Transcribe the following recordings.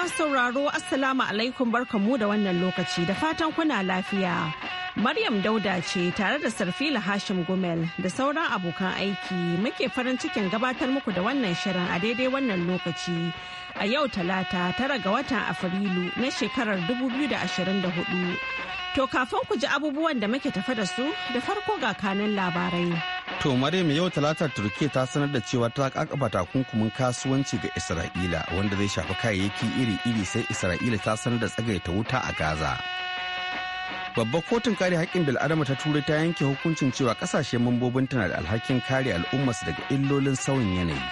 masu sauraro Assalamu alaikum barkamu da wannan lokaci da fatan kuna lafiya. Maryam Dauda ce tare da Sarfila Hashim Gumel da sauran abokan aiki muke farin cikin gabatar muku da wannan shirin a daidai wannan lokaci. A yau talata tara ga watan Afrilu na shekarar 2024. To kafin ku ji abubuwan da muke tafa da su da farko ga kanin labarai. To mai yau talata Turkiya ta sanar da cewa ta kakaba takunkumin kasuwanci ga Isra'ila wanda zai shafi kayayyaki iri-iri sai Isra'ila ta sanar da tsagaita wuta a Gaza. Babbar kotun kare haƙƙin bil'adama ta turai ta yanke hukuncin cewa ƙasashe mambobin tana da alhakin kare al'ummarsu daga illolin sauyin yanayi.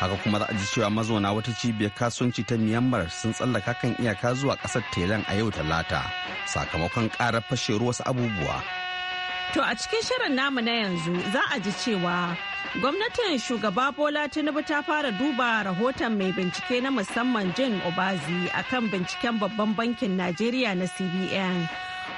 Haka kuma za a ji cewa mazauna wata cibiyar kasuwanci ta Myanmar sun tsallaka kan iyaka zuwa ƙasar Thailand a yau talata sakamakon ƙarar fashewar wasu abubuwa To a cikin shirin namu na yanzu za a ji cewa gwamnatin shugaba Bola Tinubu ta fara duba rahoton mai bincike na musamman Jin Obazi akan binciken babban bankin Najeriya na CBN.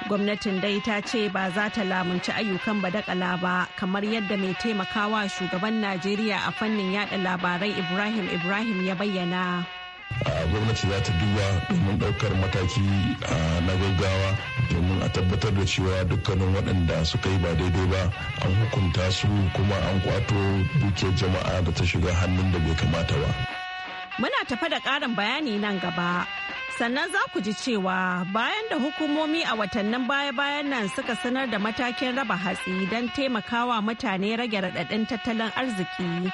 Gwamnatin dai ta ce ba za ta lamunci ayyukan badakala ba kamar yadda mai taimakawa shugaban Najeriya a fannin yada labarai Ibrahim Ibrahim ya bayyana. gwamnati za ta duba domin daukar mataki ah, na gaggawa a tabbatar da cewa dukkanin waɗanda suka yi ba daidai ba an hukunta su kuma an kwato dukiyar jama'a da ta shiga hannun da bai kamata ba. Muna tafa da ƙarin bayani nan gaba. Sannan za ku ji cewa bayan da hukumomi a watannin baya-bayan nan suka sanar da matakin raba hatsi don taimakawa mutane rage raɗaɗin tattalin arziki.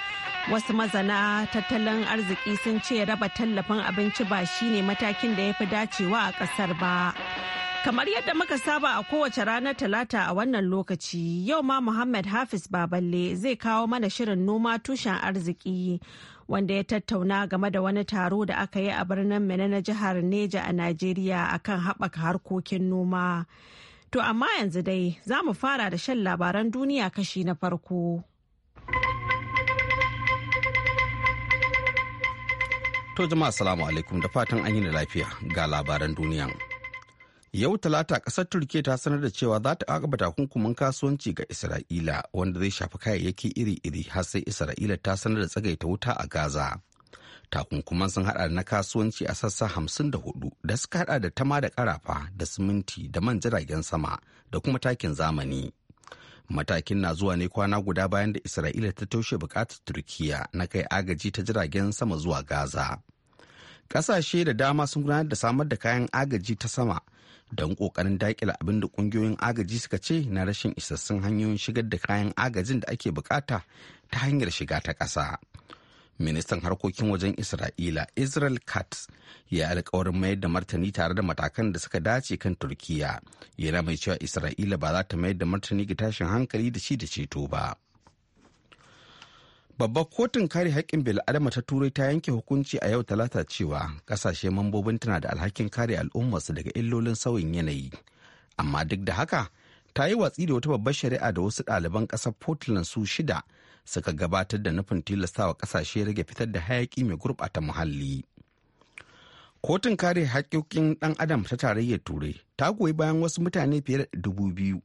Wasu mazana tattalin arziki sun ce raba tallafin abinci ba shine matakin da ya fi dacewa a ƙasar ba. Kamar yadda muka saba a kowace ranar Talata a wannan lokaci, yau ma Muhammad Hafiz Baballe zai kawo mana shirin noma tushen arziki wanda ya tattauna game da wani taro da aka yi a birnin Mene na jihar Neja a Najeriya akan haɓaka harkokin noma. To amma yanzu dai za mu fara da shan labaran duniya kashi na farko. To jama'a salamu alaikum da fatan an yi lafiya ga labaran duniya. Yau Talata ƙasar Turkiyya ta sanar da cewa za ta agaba takunkumin kasuwanci ga Isra'ila wanda zai shafi kayayyaki iri-iri har sai Isra'ila ta sanar da tsagaita wuta a Gaza. Takunkuman sun haɗa na kasuwanci a sassa hamsin da hudu da suka haɗa da tama da karafa da siminti da man jiragen sama da kuma takin zamani. matakin na zuwa ne kwana guda bayan da isra'ila ta taushe bukatar turkiya na kai agaji ta jiragen sama zuwa gaza ƙasashe da dama sun gudanar da samar da kayan agaji ta sama don kokarin dakila abin da kungiyoyin agaji suka ce na rashin isassun hanyoyin shigar da kayan agajin da ake bukata ta hanyar shiga ta ƙasa. ministan harkokin wajen isra'ila israel katz ya alkawarin mayar da martani tare da matakan da suka dace kan turkiya yana mai cewa isra'ila ba za ta mayar da martani ga tashin hankali da shi da ceto ba. babbar kotun kare haƙƙin bil'adama ta turai ta yanke hukunci a yau talata cewa ƙasashe mambobin tana da alhakin kare al'ummarsu daga illolin sauyin yanayi amma duk da haka ta yi watsi da wata babbar shari'a da wasu ɗaliban ƙasar portland su shida suka gabatar da nufin tilastawa ƙasashe rage fitar da hayaƙi mai gurɓata muhalli kotun kare haƙƙoƙin ɗan adam ta tarayyar turai ta goyi bayan wasu mutane fiye da dubu biyu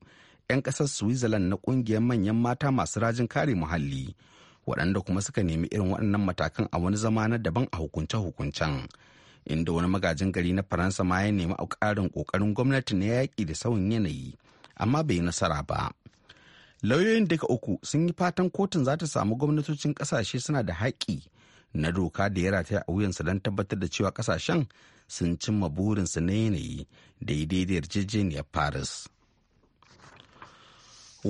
'yan ƙasar switzerland na ƙungiyar manyan mata masu rajin kare muhalli waɗanda kuma suka nemi irin waɗannan matakan a wani zama na daban a hukunce-hukuncen inda wani magajin gari na faransa ma ya nemi a ƙarin ƙoƙarin gwamnati na yaƙi da sauyin yanayi amma bai yi nasara ba lauyoyin daga uku sun yi fatan kotun za ta samu gwamnatocin ƙasashe suna da haƙƙi na doka da ya rataya a wuyansu don tabbatar da cewa ƙasashen sun cimma burinsu na yanayi da daidai da yarjejeniyar paris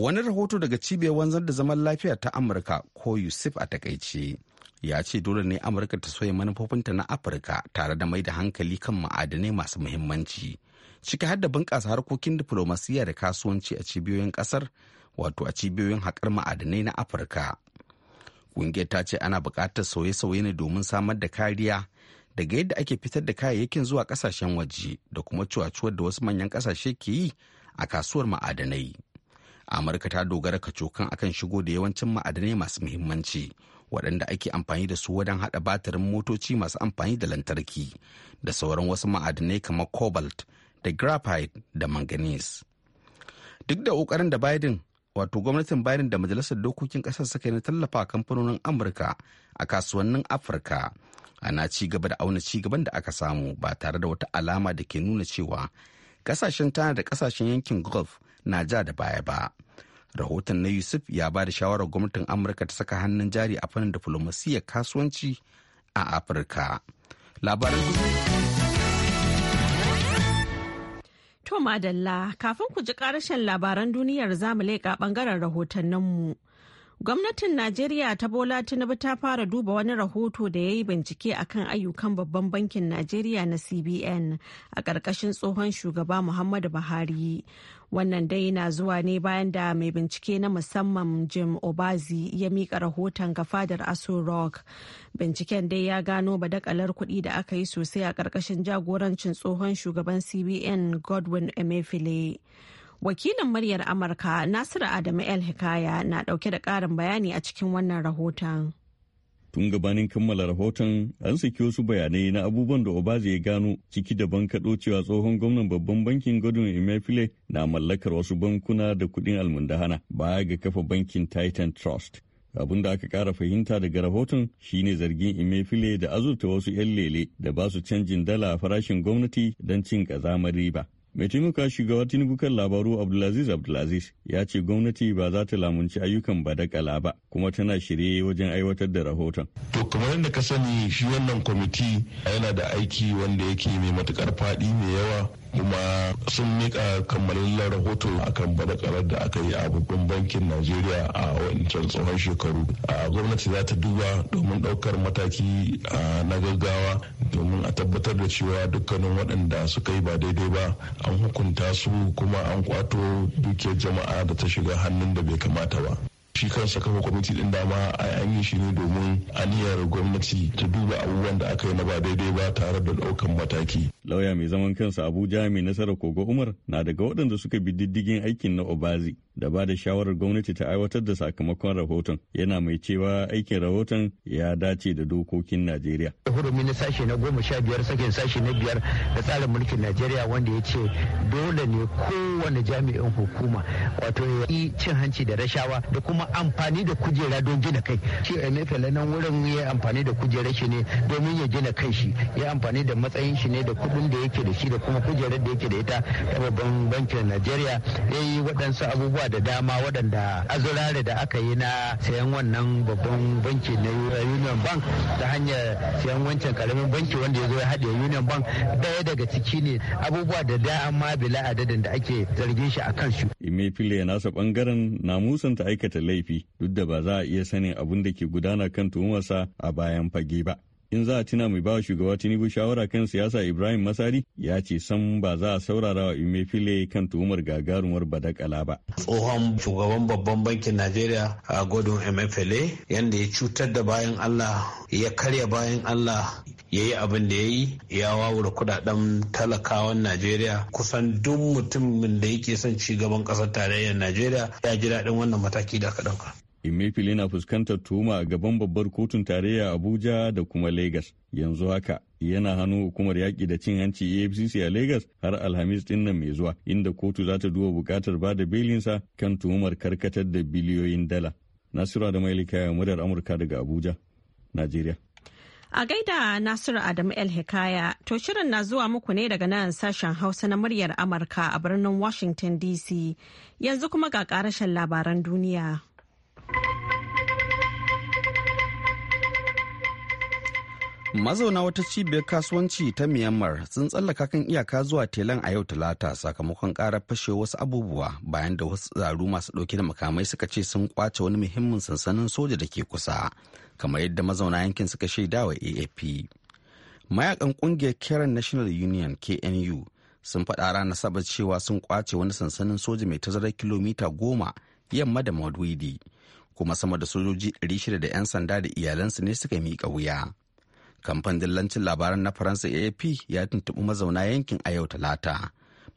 wani rahoto daga cibiyar wanzar da zaman lafiya ta amurka ko yusuf a takaice ya ce dole ne amurka ta soya manufofinta na afirka tare da mai da hankali kan ma'adanai masu muhimmanci ciki har da bunƙasa harkokin diflomasiyya da kasuwanci a cibiyoyin ƙasar wato a cibiyoyin haƙar ma'adanai na afirka ƙungiyar ta ce ana buƙatar sauye-sauye ne domin samar da kariya daga yadda ake fitar da kayayyakin zuwa ƙasashen waje da kuma cuwacuwar da wasu manyan ƙasashe ke yi a kasuwar ma'adanai amurka ta dogara kacokan akan shigo da yawancin ma'adanai masu muhimmanci waɗanda ake amfani da su wajen haɗa batirin motoci masu amfani da lantarki da sauran wasu ma'adanai kamar cobalt da graphite da manganese duk da ƙoƙarin da biden wato gwamnatin biden da majalisar dokokin ƙasar suka na tallafa kamfanonin amurka a kasuwannin afirka ana ci gaba da auna ci gaban da aka samu ba tare da wata alama da ke nuna cewa kasashen tana da kasashen yankin golf. na ja da baya ba rahoton na yusuf ya ba da shawarar gwamnatin amurka ta saka hannun jari a fannin diflomasiyyar kasuwanci a afirka Labarin To madalla kafin ku ji karashen labaran duniyar zamu leƙa ɓangaren rahotanninmu. mu. Gwamnatin Najeriya ta Bola Tinubu ta fara duba wani rahoto da ya yi bincike akan ayyukan babban bankin Najeriya na CBN a ƙarƙashin tsohon shugaba Muhammadu Buhari. Wannan dai na zuwa ne bayan da mai bincike na musamman Jim Obazi ya mika rahoton ga fadar Aso Rock. Binciken dai ya gano badakalar kuɗi da aka yi sosai a ƙarƙashin jagorancin tsohon shugaban CBN Godwin Emefiele. Wakilin muryar Amurka Nasiru Adamu El Hikaya na dauke da karin bayani a cikin wannan rahoton. Tun gabanin kammala rahoton an saki wasu bayanai na abubuwan da Obaze ya gano ciki da bankaɗo cewa tsohon gwamnan babban bankin Godwin imefile na mallakar wasu bankuna da kuɗin almundahana baya ga kafa bankin Titan Trust. abin da aka kara fahimta daga rahoton shine zargin imefile da azurta wasu 'yan lele da ba su canjin dala farashin gwamnati don cin kazamar riba Mai taimaka shugaba Tinubu kan labaru Abdulaziz Abdulaziz ya ce gwamnati ba za ta lamunci ayyukan ba badakala ba kuma tana shirye wajen aiwatar da rahoton. To kamar yadda ka sani shi wannan kwamiti yana da aiki wanda yake mai matukar faɗi mai yawa kuma sun mika kammalin rahoto a akan badakarar da aka yi a babban bankin najeriya a wancan tsohon shekaru a gwamnati za ta duba domin daukar mataki na gaggawa domin a tabbatar da cewa dukkanin waɗanda suka yi ba daidai ba an hukunta su kuma an kwato dukiyar jama'a da ta shiga hannun da bai kamata ba shi kan kafa kwamiti din dama an yi shi ne domin aniyar gwamnati ta duba abubuwan da aka yi na ba daidai ba tare da daukan mataki. Lauya mai zaman kansa Abuja mai nasarar Kogo Umar na daga waɗanda suka bi diddigin aikin na Obazi da ba da shawarar gwamnati ta aiwatar da sakamakon rahoton yana mai cewa aikin rahoton ya dace da dokokin najeriya hurumi na sashe na goma sha biyar sakin sashe na biyar da tsarin mulkin najeriya wanda ya ce dole ne kowane jami'in hukuma wato ya yi cin hanci da rashawa da kuma amfani da kujera don gina kai shi emefiele nan wurin ya amfani da kujerar shi ne domin ya gina kai shi ya amfani da matsayin shi ne da kuɗin da yake da shi da kuma kujerar da yake da ita ta babban bankin najeriya ya yi waɗansu abubuwa da dama waɗanda azurare da aka yi na sayan wannan babban banki na union bank ta hanyar sayan wancan karamin banki wanda ya zo ya haɗe union bank ɗaya daga ciki ne abubuwa da dama bila adadin da ake zargin shi a kan su Imefile nasa bangaren na ta aikata laifi duk da ba za a iya sanin abin da ke gudana kan tuhumarsa a bayan fage ba. in za a tuna mai bawa shugaba tinubu shawara kan siyasa ibrahim masari ya ce san ba za a saurara wa imefile kan tuhumar gagarumar badakala ba tsohon shugaban babban bankin najeriya a godon imefile yadda ya cutar da bayan allah ya karya bayan allah ya yi abin da ya yi ya wawura kudaden talakawan najeriya kusan duk mutumin da yake son ci gaban kasar tarayyar najeriya ya ji daɗin wannan mataki da aka ɗauka Emefiele na fuskantar tuhuma a gaban babbar kotun tarayya Abuja da kuma Lagos. Yanzu haka yana hannu hukumar yaƙi da cin hanci AFCC a Lagos har Alhamis din nan mai zuwa inda kotu za ta duba buƙatar ba da belinsa kan tuhumar karkatar da biliyoyin dala. Nasiru da Mailika ya muryar Amurka daga Abuja, nigeria. A gaida Nasiru Adamu El Hikaya, to shirin na zuwa muku ne daga nan sashen Hausa na muryar Amurka a birnin Washington DC. Yanzu kuma ga ƙarashen labaran duniya. mazauna wata cibiyar kasuwanci ta myanmar sun tsallaka kan iyaka zuwa telan a yau talata sakamakon karar fashe wasu abubuwa bayan da wasu tsaru masu dauke da makamai suka ce sun kwace wani muhimmin sansanin soja da ke kusa kamar yadda mazauna yankin suka shaida wa aap mayakan kungiyar karen national union knu sun faɗa ranar sabar cewa sun kwace wani sansanin soja mai tazarar kilomita goma yamma da maduidi kuma sama da sojoji 600 da 'yan sanda da iyalansu ne suka miƙa wuya kamfan dillancin labaran na faransa afp ya tuntuɓi mazauna yankin a yau talata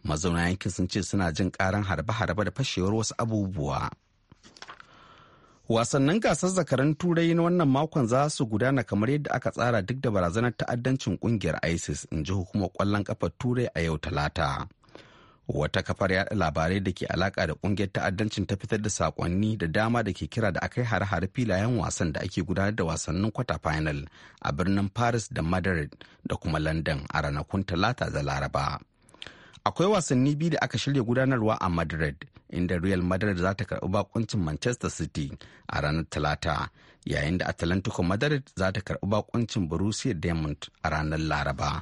mazauna yankin sun ce suna jin karan harbe-harbe da fashewar wasu abubuwa wasannin gasar zakaran turai na wannan makon za su gudana kamar yadda aka tsara duk da barazanar ta'addancin kungiyar isis in ji hukumar kwallon kafar turai a yau talata wata kafar yaɗa labarai da ke alaka da kungiyar ta'addancin ta fitar da sakonni da dama da ke kira da akai hare-hare filayen wasan da ake gudanar da wasannin kwata final a birnin paris da madrid da kuma london a ranakun talata da laraba akwai wasanni biyu da aka shirya gudanarwa a madrid inda real madrid za ta karɓi bakuncin manchester city a ranar talata yayin da atlantico madrid za ta karɓi bakuncin borussia dortmund a ranar laraba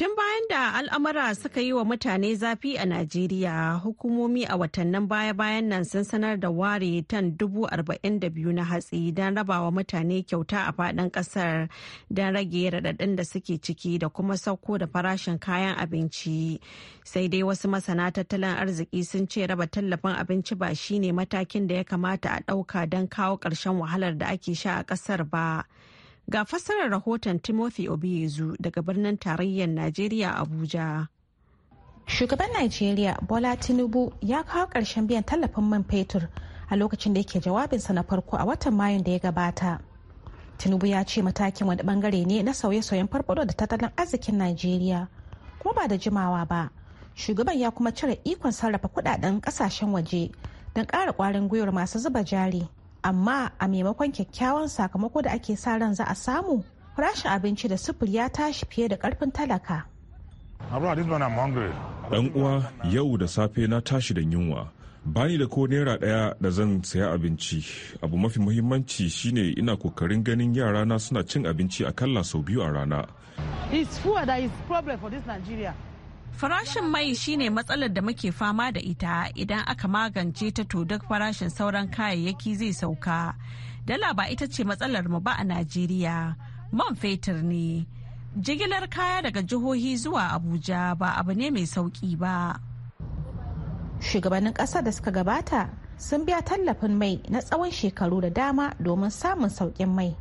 Tun bayan da al'amura suka yi wa mutane zafi a Najeriya, hukumomi a watannin baya-bayan nan sun sanar da ware tan dubu arba'in da biyu na hatsi don raba wa mutane kyauta a faɗin ƙasar don rage raɗaɗin da suke ciki da kuma sauko da farashin kayan abinci. Sai dai wasu masana tattalin arziki sun ce raba tallafin abinci ba shine matakin da ya kamata a ɗauka don kawo ƙarshen wahalar da ake sha a ƙasar ba. Ga fassarar rahoton Timothy Obiezu daga birnin tarayyar Najeriya Abuja. Shugaban Najeriya Bola Tinubu ya kawo ƙarshen biyan tallafin man fetur a lokacin da yake jawabinsa na farko a watan Mayun da ya gabata. Tinubu ya ce matakin wani bangare ne na sauye-sauyen farfado da tattalin arzikin Najeriya. Kuma ba da jimawa ba, shugaban ya kuma cire ikon sarrafa kudaden kasashen waje don ƙara kwarin gwiwar masu zuba jari amma a maimakon kyakkyawan sakamako da ake sa ran za a samu farashin abinci da sufuri ya tashi fiye da karfin talaka dan uwa yau da safe na tashi da yunwa bani da ko naira daya da zan saya abinci abu mafi muhimmanci shine ina kokarin ganin yarana suna cin abinci akalla sau biyu a rana It's food that is problem for this Nigeria. Farashin mai shine matsalar da muke fama da ita idan aka magance ta to duk farashin sauran kayayyaki zai sauka. Dala ba ita ce matsalar mu ba a Najeriya, man fetur ne. Jigilar kaya daga jihohi zuwa Abuja ba abu ne mai sauki ba. Shugabannin ƙasa da suka gabata sun biya tallafin mai na tsawon shekaru da dama domin samun sauƙin mai.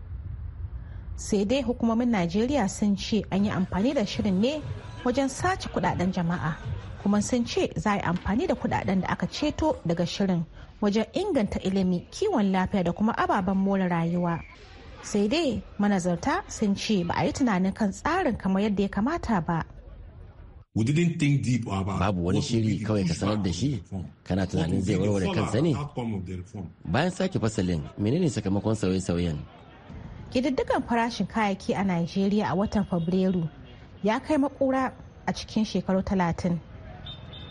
sai dai hukumomin najeriya sun ce an yi amfani da shirin ne wajen sace kudaden jama'a kuma sun ce za a yi amfani da kudaden da aka ceto daga shirin wajen inganta ilimi kiwon lafiya da kuma ababen more rayuwa sai dai manazarta sun ce ba a yi tunanin kan tsarin kamar yadda ya kamata ba babu wani shiri kawai ka sanar da shi kana tunanin zai warware kansa ne bayan sake fasalin menene sakamakon sauye-sauyen ƙididdigan farashin kayayyaki a najeriya a watan fabrairu ya kai makura a cikin shekaru talatin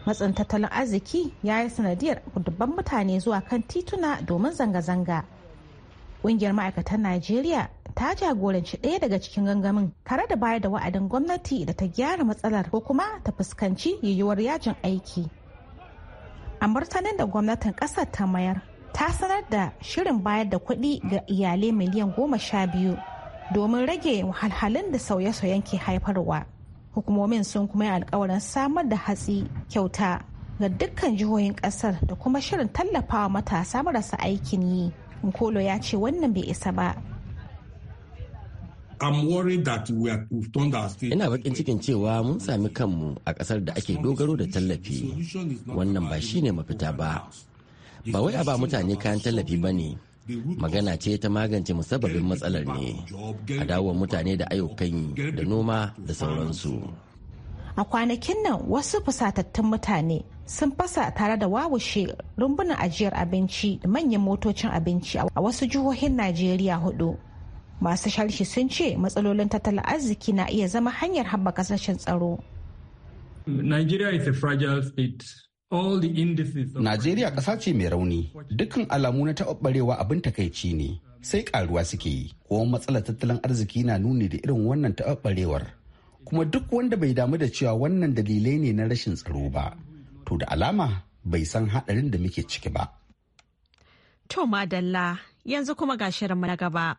matsin tattalin arziki ya yi sanadiyar dubban mutane zuwa kan tituna domin zanga-zanga ƙungiyar ma'aikatan najeriya ta jagoranci ɗaya daga cikin gangamin tare da bayar da wa'adin gwamnati da ta gyara matsalar ko kuma ta fuskanci yiwuwar yajin aiki a martanin da gwamnatin ƙasar ta mayar ta sanar da shirin bayar da kuɗi ga iyalai miliyan goma sha biyu domin rage wahalhalun da sauye-sauyen ke haifarwa hukumomin sun kuma yi alkawarin samar da hatsi kyauta ga dukkan jihohin kasar da kuma shirin tallafawa matasa marasa aikin yi nkolo ya ce wannan bai isa ba Ina bakin cikin cewa mun sami kanmu a kasar da ake dogaro da tallafi. Wannan ba shi ne mafita ba. Ba wai a ba mutane kayan tallafi ba ne, magana ce ta magance musabbabin matsalar ne a dawo mutane da ayyukan da noma da sauransu a kwanakin nan wasu fusatattun mutane sun fasa tare da wawushe rumbunan ajiyar abinci da manyan motocin abinci a wasu jihohin najeriya hudu masu sharshi sun ce matsalolin tattalin arziki na iya zama hanyar haɓaka sashen tsaro nigeria is a fragile state Najeriya ƙasa ce mai rauni, dukkan alamu na taɓaɓɓarewa abin takaici ne, sai ƙaruwa suke yi, kuma matsalar tattalin arziki na nuni da irin wannan taɓaɓɓarewar. Kuma duk wanda bai damu da cewa wannan dalilai ne na rashin tsaro ba, to da alama bai san haɗarin da muke ciki ba. To madalla yanzu kuma ga shirinmu na gaba.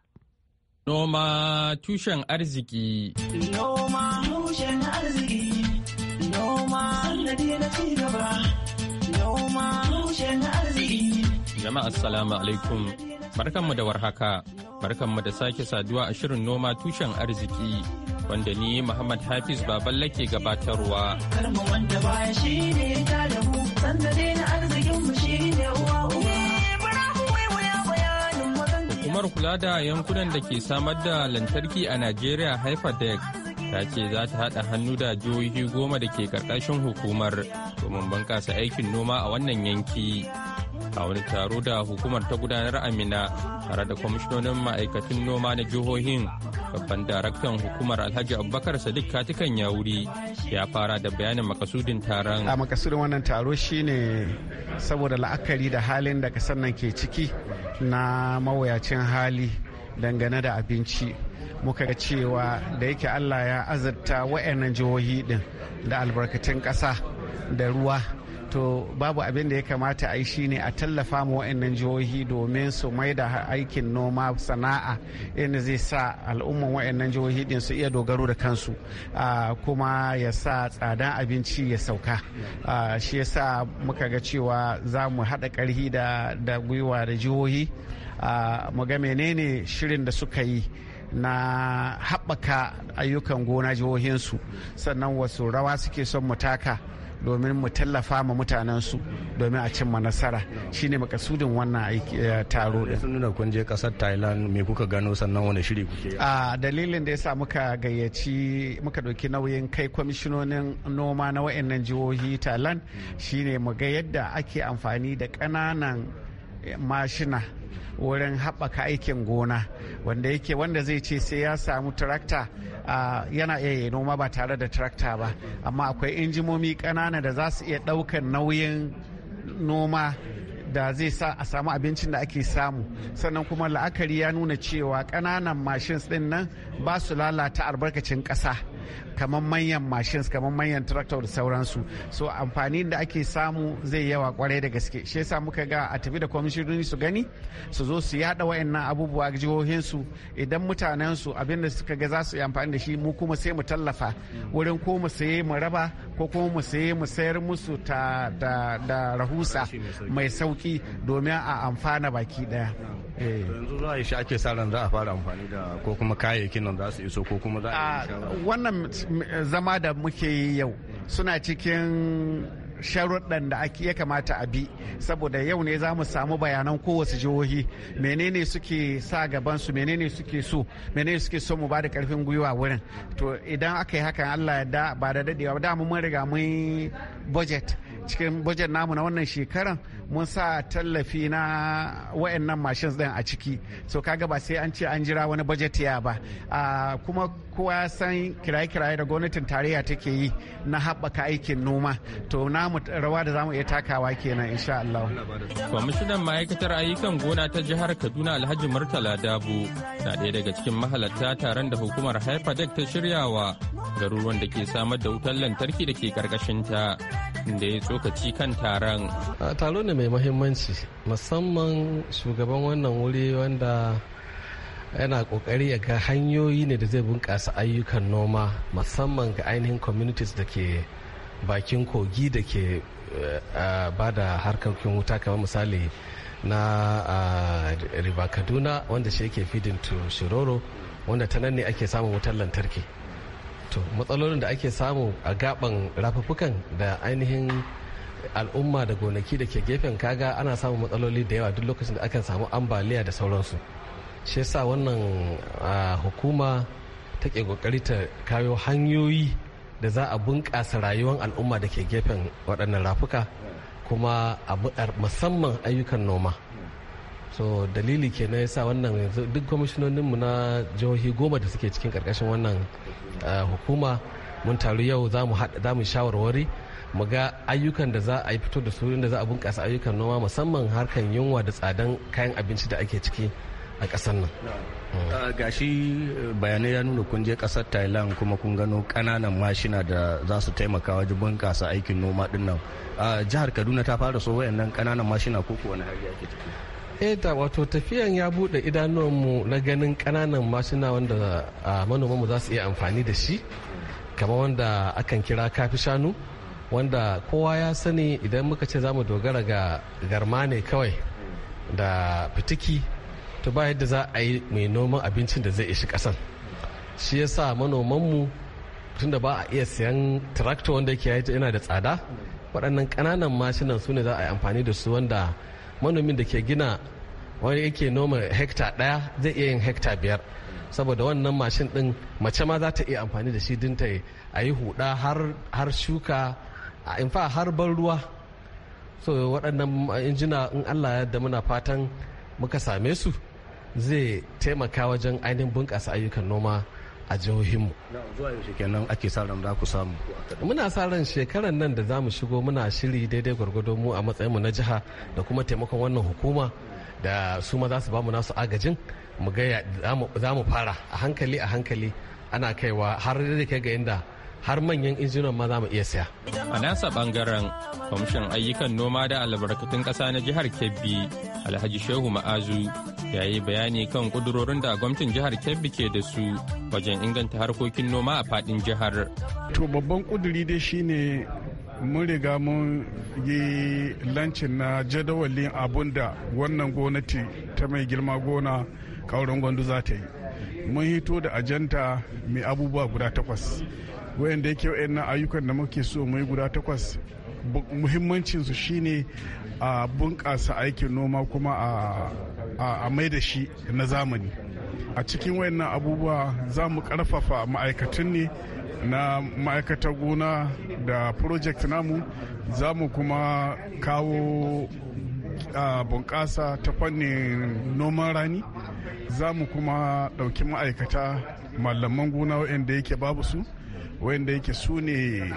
Noma tushen arziki. Noma noma jama'a assalamu alaikum barkanmu da warhaka barkanmu da sake saduwa a shirin noma tushen arziki wanda ni Muhammad Hafiz Baballe lake gabatarwa. Hukumar kula da yankunan da ke samar da lantarki a Najeriya Haifadek ta ce za ta haɗa hannu da jihohi goma da ke ƙarƙashin hukumar domin bunƙasa aikin noma a wannan yanki a wani taro da hukumar ta gudanar amina tare da kwamishinonin ma'aikatun noma na jihohin babban daraktan hukumar alhaji abubakar sadiq katikan yawuri ya fara da bayanin makasudin taron a makasudin wannan taro shine saboda la'akari da halin da kasan nan ke ciki na mawuyacin hali dangane da abinci muka ga cewa da yake allah ya azurta wa'annan jihohi din da albarkatun ƙasa da ruwa to babu abin da ya kamata a yi shine a tallafa ma wa'annan jihohi domin su mai da aikin noma sana'a inda zai sa al'umman wa'annan jihohi din su iya dogaro da kansu kuma ya sa tsadan abinci ya sauka shi ya sa muka ga cewa za mu haɗa ƙarhi da gwiwa da jihohi mu ga menene shirin da suka yi na haɓaka ayyukan gona jihohinsu sannan wasu rawa suke son mu taka domin mu tallafa ma mutanensu domin a cimma nasara shi ne makasudin wannan eh, taro ɗin. sun nuna kun je kasar thailand me kuka gano sannan wani shiri kuke a dalilin da ya sa muka gayyaci muka ɗauki nauyin kai kwamishinonin noma na wayannan jihohi thailand shine mu ga yadda ake amfani da ƙananan mashina wurin haɓaka aikin gona wanda yake wanda zai ce sai ya samu tarakta yana iya yi noma ba tare da tarakta ba amma akwai injimomi ƙanana da za su iya ɗaukan nauyin noma da zai sa a samu abincin da ake samu sannan kuma la'akari ya nuna cewa ƙananan mashins ɗin nan ba su lalata albarkacin ƙasa kamar manyan machines kamar manyan tractor da sauransu so amfanin da ake samu zai yawa kwarai da gaske shi yasa muka ga a tafi da kwamishinoni su gani su zo su yada wayannan abubuwa jihohin su idan mutanen su abinda suka ga za su yi amfani da shi mu kuma sai mu tallafa wurin ko mu saye mu raba ko kuma mu saye mu sayar musu ta da rahusa mai sauki domin a amfana baki daya eh. yanzu za a yi shi ake sa ran za a fara amfani da ko kuma kayayyakin nan za su iso ko kuma za a yi wannan zama da muke yi yau suna cikin sharuɗan da ake ya kamata a bi saboda yau ne za mu samu bayanan kowace jihohi menene suke sa gaban su menene suke so menene suke so mu ba da karfin gwiwa wurin to idan aka yi hakan allah ya da ba da dadewa da mun riga mun budget cikin bajet namu na wannan shekaran mun sa tallafi na wayannan mashins din a ciki so kaga ba sai an ce an jira wani bajet ya ba ah, kuma kowa ya san kiraye-kiraye da gwamnatin tarayya take yi na haɓaka aikin noma to namu rawa da zamu iya takawa kenan insha Allah kwamishinan ma'aikatar ayyukan gona ta jihar Kaduna Alhaji Murtala Dabo na ɗaya daga cikin mahalarta taron da hukumar Hyperdeck ta shiryawa garuruwan da ke samar da wutar lantarki da ke karkashin ta da ya tsokaci kan taron. Taro ne mai mahimmanci musamman shugaban wannan wuri wanda yana kokari ya ga hanyoyi ne da zai bunƙasa ayyukan noma musamman ga ainihin communities da ke bakin kogi da ke eh, ba da harkokin wuta kamar misali na river kaduna wanda shi yake fidin to shiroro wanda ta nan ne ake samun wutar lantarki to matsalolin da ake samu a gaban rafuffukan da ainihin al'umma da gonaki da ke gefen kaga ana samun matsaloli da yawa duk lokacin da akan samu ambaliya da sauransu shi yasa wannan hukuma ta ke kokari ta kawo hanyoyi da za a bunƙasa rayuwar al'umma da ke gefen waɗannan rafuka kuma a musamman ayyukan noma so dalili ke na yasa wannan yanzu duk kwamishinoninmu na jihohi goma da suke cikin karkashin wannan eh, hukuma mun taru yau za mu shawarwari mu ga ayyukan da za a yi fito da su da za a bunƙasa ayyukan noma musamman harkan yunwa da tsadan kayan abinci da ake ciki a ƙasar nan. Ah, gashi eh, bayanai ya nuna kun je ƙasar thailand kuma kun gano ƙananan mashina da za su taimaka wajen bunƙasa aikin noma dinnan nan ah, jihar kaduna ta fara so wayannan ƙananan mashina ko kuwa na ake ciki Eh, da wato tafiyan ya buɗe idanuwanmu na ganin kananan mashina wanda manomanmu za su iya amfani da shi kamar wanda akan kira kafi shanu wanda kowa ya sani idan muka ce za mu dogara ga garma ne kawai da fitiki to ba yadda za a yi mai noman abincin da zai ishi kasan shi ya sa manomanmu tun da ba a iya sayan tractor wanda yake yana da tsada waɗannan ƙananan mashinan su ne za a yi amfani da su wanda manomin da ke gina wani yake noma hekta ɗaya zai iya yin hekta biyar saboda wannan mashin ɗin mace ma za ta iya amfani da shi dinta a yi huɗa har shuka in fa har ban ruwa so waɗannan injina in allah ya da muna fatan muka same su zai taimaka wajen ainihin bunƙasa ayyukan noma a jihohinmu kenan ake sa ran za ku samu muna sa ran shekaran nan da za mu shigo muna shiri daidai gwargwado mu a mu na jiha da kuma taimakon wannan hukuma da su ma za su bamu nasu agajin mu ga za mu fara a hankali a hankali ana kaiwa har da kai ga inda har manyan injinan ma za mu iya saya. A nasa bangaren kwamishin ayyukan noma da albarkatun ƙasa na jihar Kebbi Alhaji Shehu Ma'azu ya yi bayani kan kudurorin da gwamnatin jihar Kebbi ke da su wajen inganta harkokin noma a faɗin jihar. To babban kuduri dai shine mun riga mun yi lancin na jadawalin abun da wannan gwamnati ta mai girma gona kauren gwandu za ta yi. Mun hito da ajanta mai abubuwa guda takwas. wayanda yake wayannan ayyukan da muke so mai guda takwas muhimmancin su shine a bunƙasa aikin noma kuma a mai da shi na zamani a cikin wayannan abubuwa za mu ƙarfafa ma'aikatan ne na ma'aikatar gona da project namu za mu kuma kawo a bunƙasa ta fannin noman rani za mu kuma ɗauki ma'aikata malaman gona da yake babu su wanda yake su ne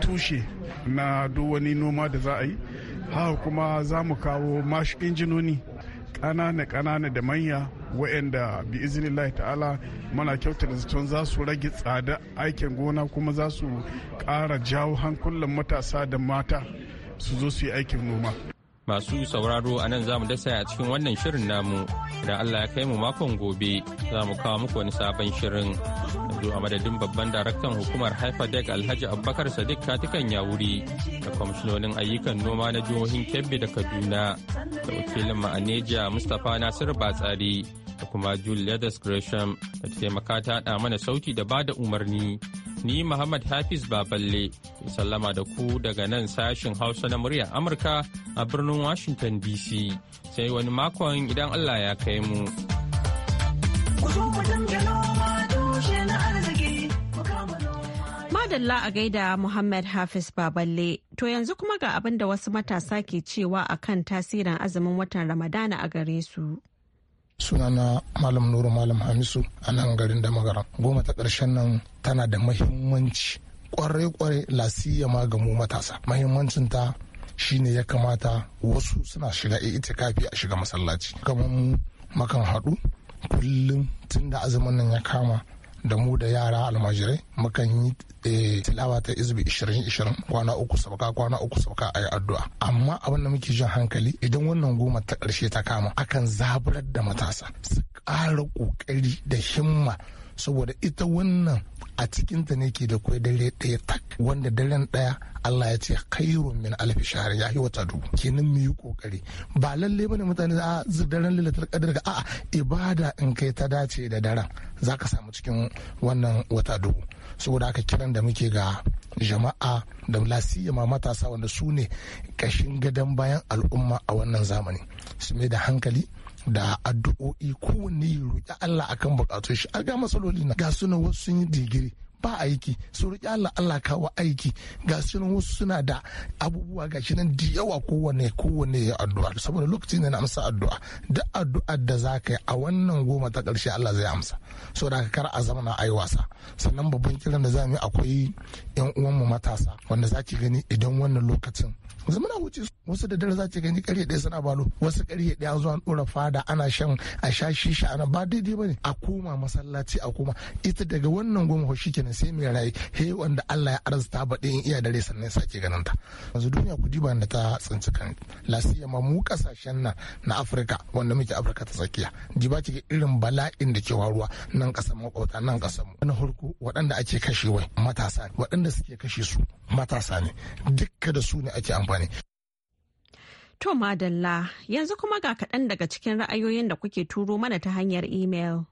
tushe na duk wani noma da za a yi haka kuma za mu kawo mashi injinoni ƙanana ƙanana da manya wa'anda bi izinillahi ta'ala mana kyautar zaton za su rage tsada aikin gona kuma za su ƙara jawo hankulan matasa da mata su zo su yi aikin noma masu sauraro a nan za mu dasa a cikin wannan shirin namu idan Allah ya kai mu makon gobe za mu kawo muku wani sabon shirin yanzu a madadin babban daraktan hukumar haifa dek alhaji abubakar sadiq katikan yawuri da kwamishinonin ayyukan noma na jihohin kebbi da kaduna da wakilin ma'aneja mustapha nasir batsari da kuma julia discretion da taimaka ta mana sauti da bada umarni Ni Muhammad Hafiz Baballe, sallama da ku daga nan sashin Hausa na muryar Amurka a birnin Washington DC. Sai wani makon idan Allah ya kai mu. Madalla a gaida Muhammad Hafiz Baballe, to yanzu kuma ga abin da wasu matasa ke cewa akan tasirin azumin watan Ramadana a gare su. sunana malam nuru malam hamisu a nan garin da goma ta ƙarshen nan tana da mahimmanci kwarai-kwarai lasiya ma ga mu matasa mahimmancin ta shine ya kamata wasu suna shiga itikafi a shiga masallaci kamar mu makan haɗu kullum tun da azumin nan ya kama da mu da yara almajirai mukan yi eh, tilawa ta izbi 20-20 kwana uku sabaka kwana uku sabaka a yi addu'a amma abin da muke jin hankali idan wannan goma ta ƙarshe ta kama akan zaburar da matasa su ƙara ƙoƙari da himma saboda ita wannan a cikinta ne ke da kwai dare ɗaya tak wanda daren ɗaya Allah ya ce wa min alfi shahr ya yi wata dubu kenan mu yi kokari ba lalle bane mutane a daren lailatul kadar ga a'a ibada in kai ta dace da daren za ka samu cikin wannan wata dubu saboda haka kiran da muke ga jama'a da lasiyama matasa wanda su ne kashin gadon bayan al'umma a wannan zamani su mai da hankali da addu'o'i kowanne ya roƙi Allah akan buƙatun shi a ga matsaloli na ga suna wasu sun yi digiri ba aiki su roƙi Allah Allah kawo aiki ga suna wasu suna da abubuwa ga shi nan da yawa kowanne, kowanne ya addu'a saboda lokacin ne na amsa addu'a da addu'a da za ka yi a wannan goma ta ƙarshe Allah zai amsa saboda ka kar a zama na ayi wasa sannan babban kiran da za mu yi akwai yan uwanmu matasa wanda za ki gani idan wannan lokacin wasu muna wuce wasu da dare za ta gani karye ɗaya suna balo wasu karye daya zuwa an ɗora fada ana shan a sha shisha ana ba daidai ba ne. a koma masallaci a koma ita daga wannan goma hoshi kenan sai mai rayu he wanda Allah ya arzuta ba ɗayan iya dare sannan sake ganin ta yanzu duniya ku diba da ta tsinci kan lasiya ma mu kasashen nan na Afirka wanda muke Afirka ta tsakiya jiba ce irin bala'in da ke waruwa nan ƙasar makwauta nan ƙasar mu na harko waɗanda ake kashe wai matasa waɗanda suke kashe su matasa ne dukka da su ne ake amfani To Madalla yanzu kuma ga kaɗan daga cikin ra'ayoyin da kuke turo mana ta hanyar imel.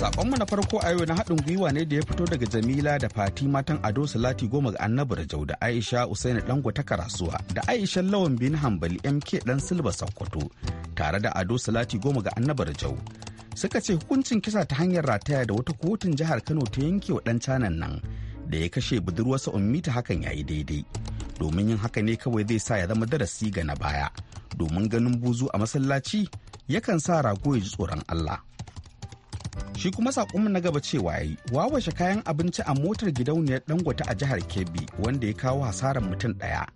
saƙonmu na farko a yau na haɗin gwiwa ne da ya fito daga Jamila da Fati matan Ado Salati Goma ga Annabi da da Aisha Usaini Dango ta Karasuwa da Aisha Lawan bin Hambali MK ɗan Silba Sokoto tare da Ado Salati Goma ga Annabi Jau. suka ce hukuncin kisa ta hanyar rataya da wata kotun jihar kano ta yanke wa dan nan da ya kashe budurwarsa ummita hakan ya yi daidai domin yin haka ne kawai zai sa ya zama darasi ga na baya domin ganin buzu a masallaci yakan sa rago ya ji tsoron allah shi kuma mu na gaba cewa yi wawashe kayan abinci a motar gidauniyar dangote a jihar kebbi wanda ya kawo hasarar mutum ɗaya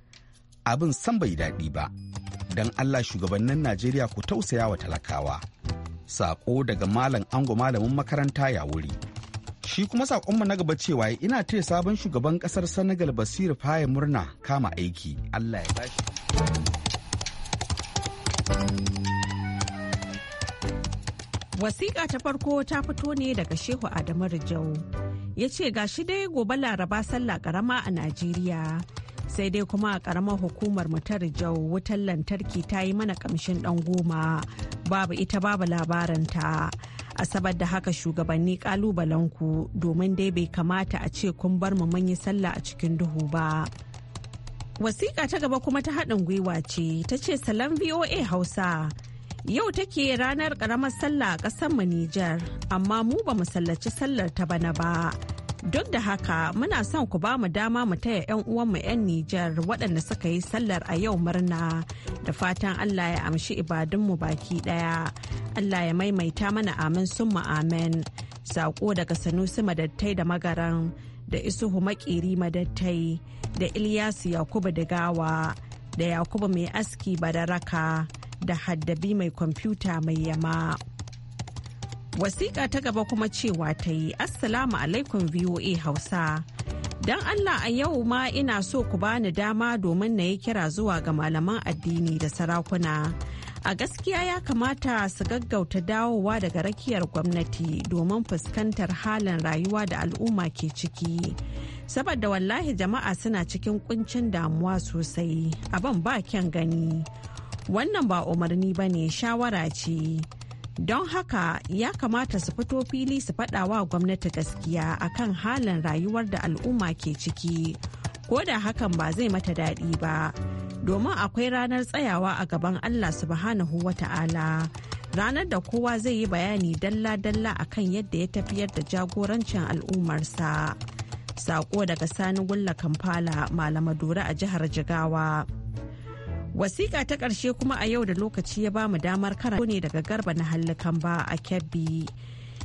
abin san bai daɗi ba don allah shugabannin najeriya ku tausaya wa talakawa Saƙo daga Malam Ango malamin makaranta ya wuri. Shi kuma saƙonmu na gaba cewa ina taya sabon shugaban ƙasar Senegal basiru Faye murna kama aiki. Allah ya bashi. Wasiƙa ta farko ta fito ne daga Shehu Adamu Rijau. Ya ce gashi dai gobe laraba sallah ƙarama a Najeriya. sai dai kuma a ƙaramar hukumar mu ta rijau wutar lantarki ta yi mana ƙamshin ɗan goma babu ita babu labarin a asabar da haka shugabanni kalubalenku domin dai bai kamata a ce kun bar mu mun sallah a cikin duhu ba wasiƙa ta gaba kuma ta haɗin gwiwa ce ta ce salon voa hausa yau take ranar ƙaramar sallah a mu nijar amma mu ba mu sallaci sallar ta bana ba duk da haka muna son ku ba mu dama mu taya 'yan uwanmu 'yan nijar waɗanda suka yi sallar a yau murna da fatan Allah ya amshi ibadunmu baki ɗaya. Allah ya maimaita mana amin mu amen. Sako daga Sanusi madattai da magaran da Isuhu makiri madattai da Ilyasu Yakubu Digawa da Yakubu mai aski badaraka da haddabi mai kwamfuta mai yama. Wasiƙa ta gaba kuma cewa ta yi Assalamu alaikum VOA Hausa. Don Allah a yau ma ina so ku bani dama domin na yi kira zuwa ga malaman addini da sarakuna. A gaskiya ya kamata su gaggauta dawowa daga rakiyar gwamnati domin fuskantar halin rayuwa da al'umma ke ciki. Saboda wallahi jama'a suna cikin kuncin damuwa sosai, abin ba kyan gani. Wannan ba umarni ba ne shawara ce. don haka ya kamata su fito fili su faɗa wa gwamnati gaskiya akan halin rayuwar da al'umma ke ciki ko da hakan ba zai mata daɗi ba domin akwai ranar tsayawa a gaban allah subhanahu wata'ala ranar da kowa zai yi bayani dalla-dalla akan yadda ya tafiyar da jagorancin al'ummarsa sako daga sani gulla kampala malama dura a jihar jigawa Wasiƙa ta ƙarshe kuma a yau da lokaci ya ba mu damar karatu ne daga garba na hallukan ba a Kebbi.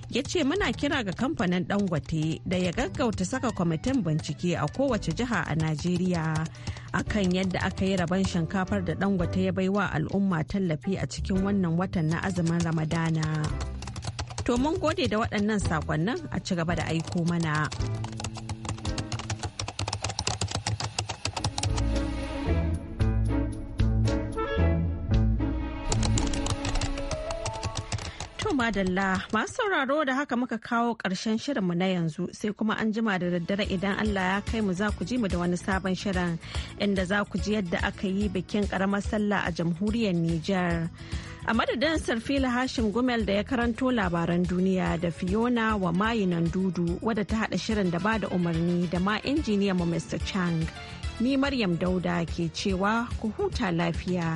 Ya ce muna kira ga kamfanin Dangote da ya gaggauta saka kwamitin bincike a kowace jiha a Najeriya akan yadda aka yi rabon shinkafar da Dangote ya baiwa al'umma tallafi a cikin wannan watan na azumin Ramadana. To mun gode da waɗannan sakonnin a ci gaba da aiko mana. dalla masu sauraro da haka muka kawo ƙarshen shirinmu na yanzu sai kuma an jima da daddare idan Allah ya kai mu za ku ji mu da wani sabon shirin inda za ku ji yadda aka yi bikin karamar sallah a jamhuriyar Nijar. A madadin Sarfila Hashim Gumel da ya karanto labaran duniya da Fiona wa mayinan dudu wadda ta haɗa shirin da ba da umarni da ma injiniyan mu Mr. Chang. Ni Maryam Dauda ke cewa ku huta lafiya.